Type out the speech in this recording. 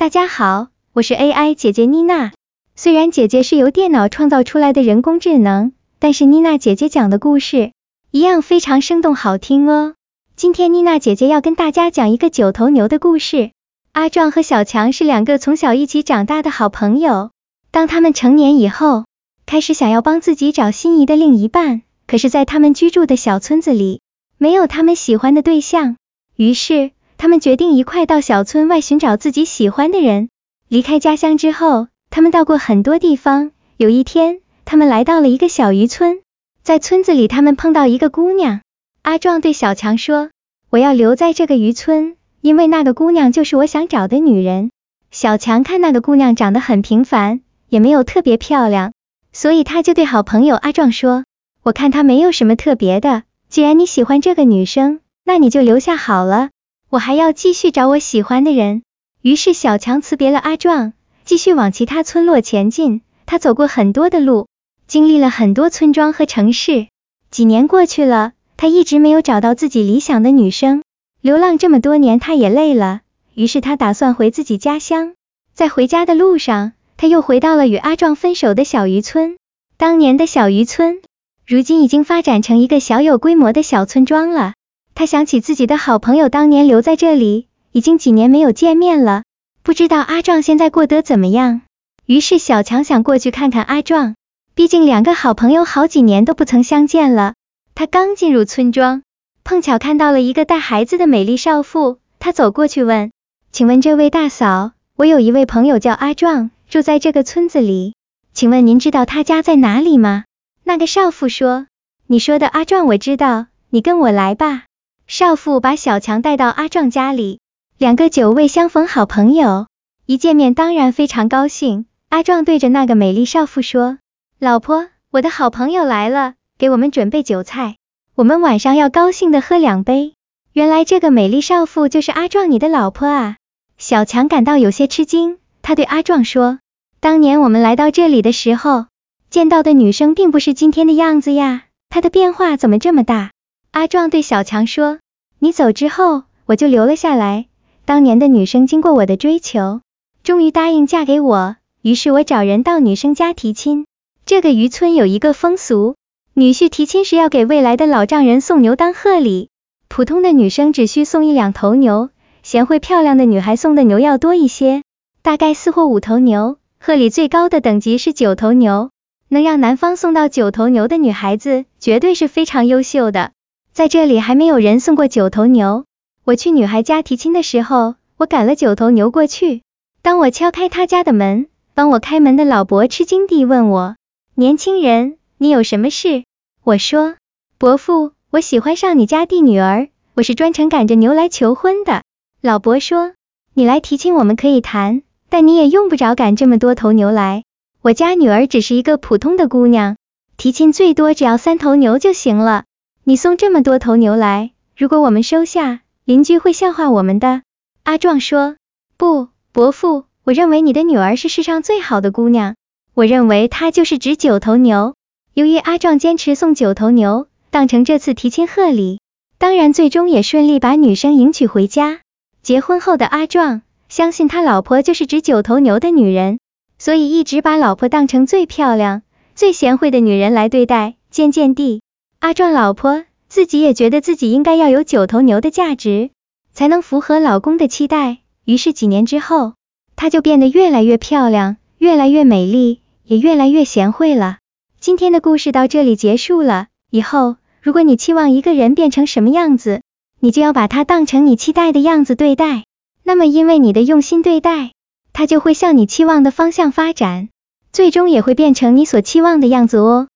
大家好，我是 AI 姐姐妮娜。雖然姐姐是由電腦創造出來的人工智能，但是妮娜姐姐講的故事一樣非常生動好聽哦。今天妮娜姐姐要跟大家講一個九頭牛的故事。阿壯和小強是兩個從小一起長大的好朋友。當他們成年以後，開始想要幫自己找心儀的另一半，可是，在他們居住的小村子裡，沒有他們喜歡的對象。於是，他們決定一塊到小村外尋找自己喜歡的人。離開家鄉之後，他們到過很多地方。有一天，他們來到了一個小漁村，在村子裡，他們碰到一個姑娘。阿壯對小強說：“我要留在這個漁村，因為那個姑娘就是我想找的女人。”小強看那個姑娘長得很平凡，也沒有特別漂亮，所以他就對好朋友阿壯說：“我看她沒有什麼特別的，既然你喜歡這個女生，那你就留下好了。”我還要繼續找我喜歡的人。於是小強辭別了阿壯，繼續往其他村落前進。他走過很多的路，經歷了很多村莊和城市。幾年過去了，他一直沒有找到自己理想的女生。流浪這麼多年，他也累了。於是他打算回自己家鄉。在回家的路上，他又回到了與阿壯分手的小漁村。當年的小漁村，如今已經發展成一個小有規模的小村莊了。他想起自己的好朋友當年留在這裡，已經幾年沒有見面了，不知道阿壯現在過得怎麼樣。於是小強想過去看看阿壯，畢竟兩個好朋友好幾年都不曾相見了。他剛進入村莊，碰巧看到了一個帶孩子的美麗少婦，他走過去問：“請問這位大嫂，我有一位朋友叫阿壯，住在這個村子裡，請問您知道他家在哪裡嗎？”那個少婦說：“你說的阿壯我知道，你跟我來吧。”少婦把小強帶到阿壯家裡，兩個久未相逢好朋友一見面當然非常高興。阿壯對着那個美麗少婦說：“老婆，我的好朋友來了，給我們準備酒菜，我們晚上要高興的喝兩杯。”原來這個美麗少婦就是阿壯你的老婆啊！小強感到有些吃驚，他對阿壯說：“當年我們來到這裡的時候，見到的女生並不是今天的樣子呀，她的變化怎麼這麼大？”阿壯對小強說，你走之後，我就留了下來。當年的女生經過我的追求，終於答應嫁給我，於是我找人到女生家提親。這個漁村有一個風俗，女婿提親時要給未來的老丈人送牛當賀禮。普通的女生只需送一兩頭牛，賢惠漂亮的女孩送的牛要多一些，大概四或五頭牛，賀禮最高的等級是九頭牛，能讓男方送到九頭牛的女孩子，絕對是非常優秀的。在這裡還沒有人送過九頭牛。我去女孩家提親的時候，我趕了九頭牛過去。當我敲開她家的門，幫我開門的老伯吃驚地問我：“年輕人，你有什麼事？”我說：“伯父，我喜歡上你家的女兒，我是專程趕着牛來求婚的。”老伯說：“你來提親，我們可以談，但你也用不着趕這麼多頭牛來。我家女兒只是一個普通的姑娘，提親最多只要三頭牛就行了。”你送這麼多頭牛來，如果我們收下，鄰居會笑話我們的。阿壯說，不，伯父，我認為你的女兒是世上最好的姑娘，我認為她就是值九頭牛。由於阿壯堅持送九頭牛，當成這次提親賀禮，當然最終也順利把女生迎娶回家。結婚後的阿壯，相信他老婆就是值九頭牛的女人，所以一直把老婆當成最漂亮、最賢惠的女人來對待，漸漸地。阿壯老婆自己也覺得自己應該要有九頭牛的價值，才能符合老公的期待。於是幾年之後，她就變得越來越漂亮，越來越美麗，也越來越賢惠了。今天的故事到這裡結束了。以後如果你期望一個人變成什麼樣子，你就要把他當成你期待的樣子對待。那麼因為你的用心對待，他就會向你期望的方向發展，最終也會變成你所期望的樣子哦。